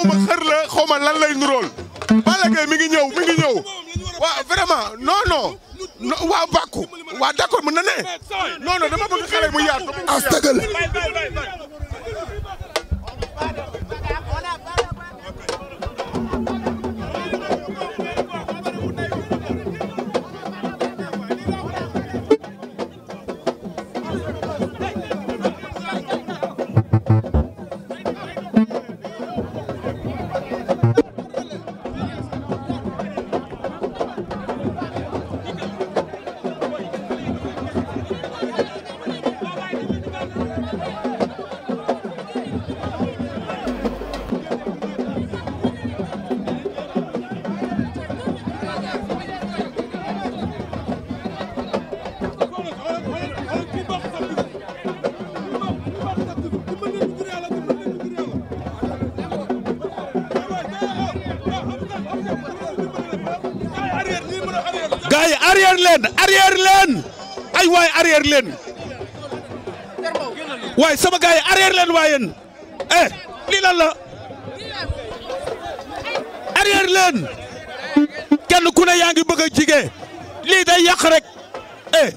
xaw ma xër la xaw ma lan lay mi ngi ñëw mi ngi ñëw waaw vraiment non waa bàkku waa d'accord mën na ne non non dama bëgg xale mu yaatu. as tëgal. arrière leen arrière ay waay arrière leen waay sama gars yi leen waay yéen eh lii lan leen kenn ku ne yaa ngi bëgg a lii day yàq rek eh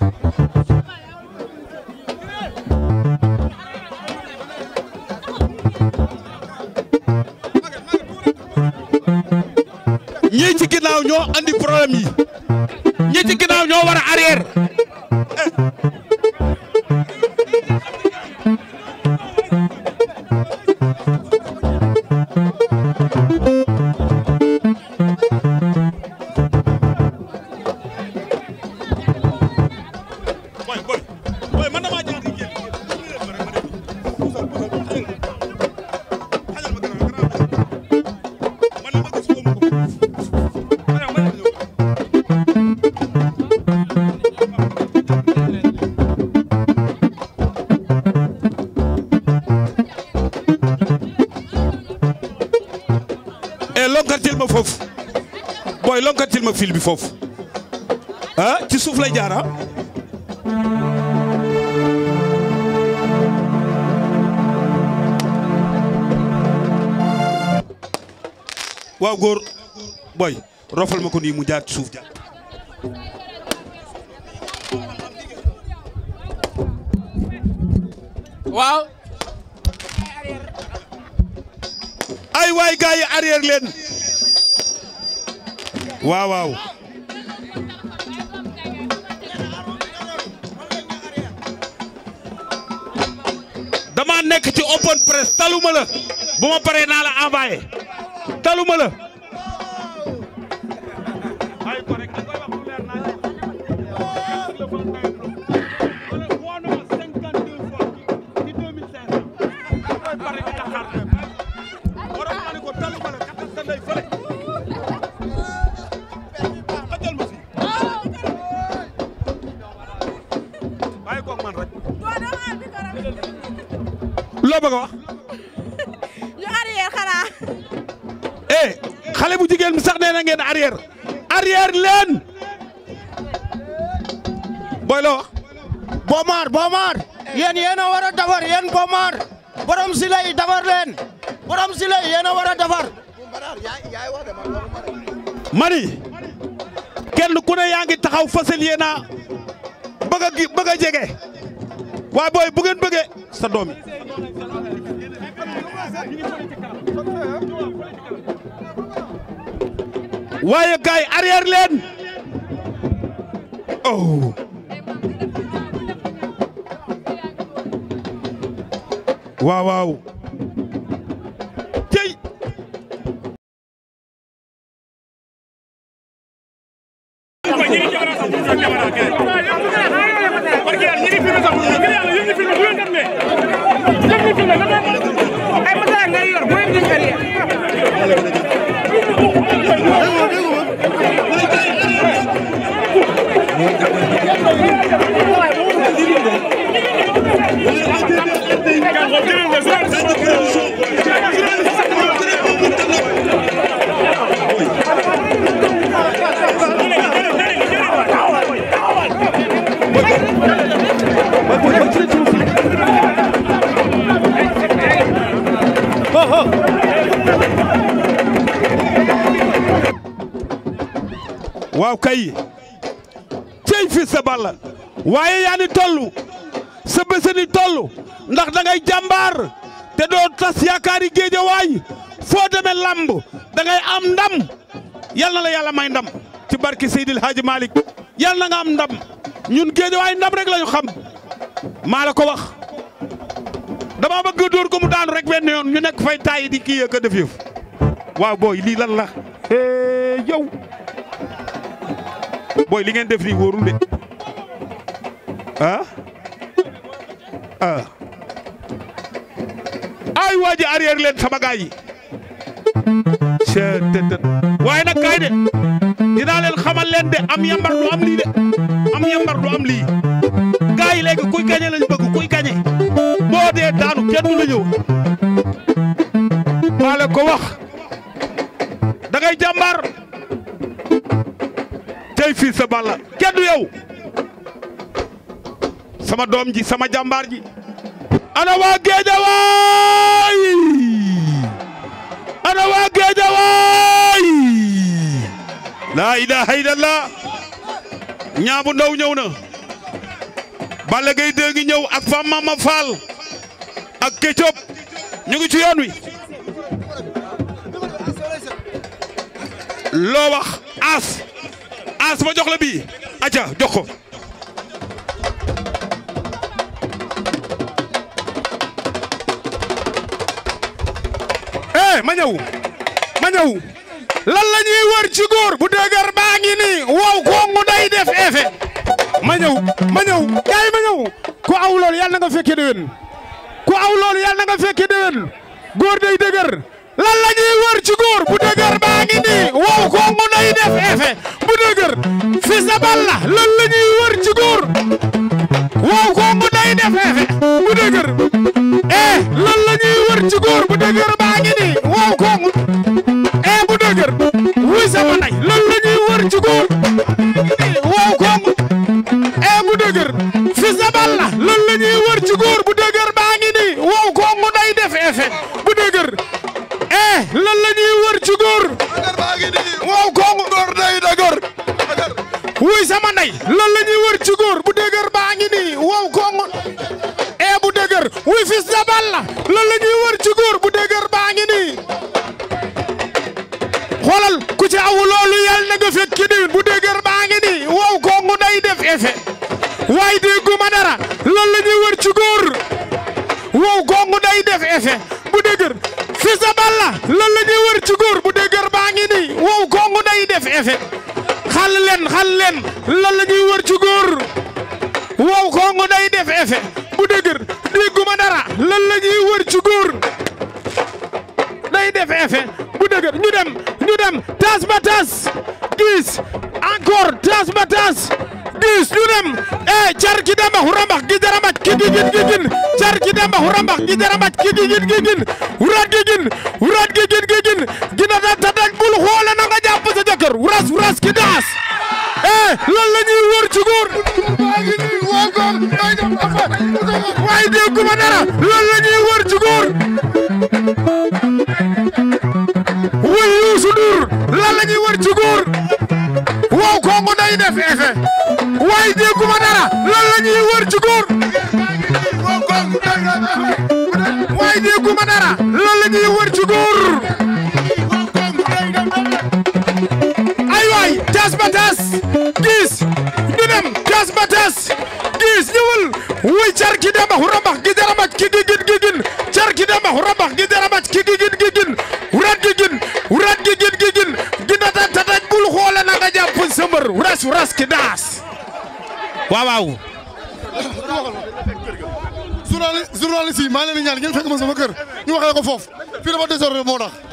ñii ci ginnaaw ñoo andi problème yi ma fil bi foofu ah ci suuf lay jaara ah. waaw góor boy rofal ma ko nii mu jaar ci suuf jaar waaw ay waay gars yi leen waaw waaw dama nekk ci open press taluma bu ma paree naa la envoyé taluma la bëgg a wax. ñu arrière xanaa. eh xale bu jigéen sax nee na ngeen arrière. arrière leen. booy la wax. Bomar Bomar. yéen yéen a war a defar borom si lay leen. borom si lay yéen a mani. kenn ku ne yaa ngi taxaw fasal yéen a jege. waaye booy bu ngeen bëggee waaye gaay arrière leen oh jërëjëf waaw kay cey fi sa Balla waaye yaa ni toll sa toll ndax da ngay jàmbaar te doo tas yaakaari géejawaay foo demee lamb da ngay am ndam yal na la yàlla may ndam ci barki Seydil Hadji Malick yal na nga am ndam ñun géejawaay ndam rek lañu xam maa la ko wax dama bëgg dóor ko mu daanu rek benn yoon ñu nekk fay taay di kii yëkk a def yëf waaw booy lii lan la yow booy li ngeen def nii wóorul de ah ah ay waa ji arrière leen sama gaay yi. waaye nag kaay de dinaa leen xamal leen de am yambar du am lii de am yambar du am lii gaay yi léegi kuy gañe lañ bëgg kuy gañe boo dee daanu kenn du maa la ko wax da ngay jàmbaar. cey sama doom ji sama jàmbaar ji ana waa Géejawaay ana waa Géejawaay laa ilaaha illallah ñaa bu ndaw ñëw na Balla Gaye dée ngi ñëw ak fa Mama Fall ak Ketchup ñu ngi ci wi loo wax as Lass ma jox la bii aja jox ko eh ma ñëw ma ñëw lan la wër ci góor bu dëgër baa ngi nii wow kongu day def effet ma ñëw ma ñëw gaay ma ñëw ku aw loolu yàlla na nga fekke déwén ku aw loolu yàlla na nga fekke déwén góor day dëgër lan la ñuy wër ci góor bu dëgër baa ngi nii wow kongu nay def effet bu dëgër fi sabal la lan wër ci rafet ci diwin bu dëgër baa ngi nii wow kongu day def effet waaye dégguma dara loolu la ñuy wër ci góor wow kongu day def effet bu dëgër fii balla loolu la ñuy wër ci góor bu dëgër baa ngi nii wow kongu day def effet xal leen xal leen loolu la ñuy wër ci góor wow kongu day def effet bu dëgër dégguma dara loolu la ñuy wër day def effet bu dëgër ñu dem ñu dem tas ba tas dix encore tas ba tas dix ñu dem e car ki dama xura mbax gi dara mbac ki gigin gigin car ki dama xura mbax gi dara mbac ki da tadak bul xoole na nga jàpp a jëkkër wuras wuras ki daas eh loolu la ñuy wër ci góor waaye dégguma dara loolu la wër ci la ñuy wër ci góor waaye dégguma dara lan la ñuy wër ci góor waaye dégguma dara lan la ñuy wër ci ay waay tas ba tas gis ñu tas ba tas gis ñëwal wuy car ki demax rambax gi daramat ki gigin gigin car ki demax rambax gi daramat ki gigin gigin urat gigin urat gigin gigin kuñ sa mbër res res ki daas maa ngi leen ñaan ngeen fekk ma sama kër ñu waxee ko foofu fii dafa désordre moo tax.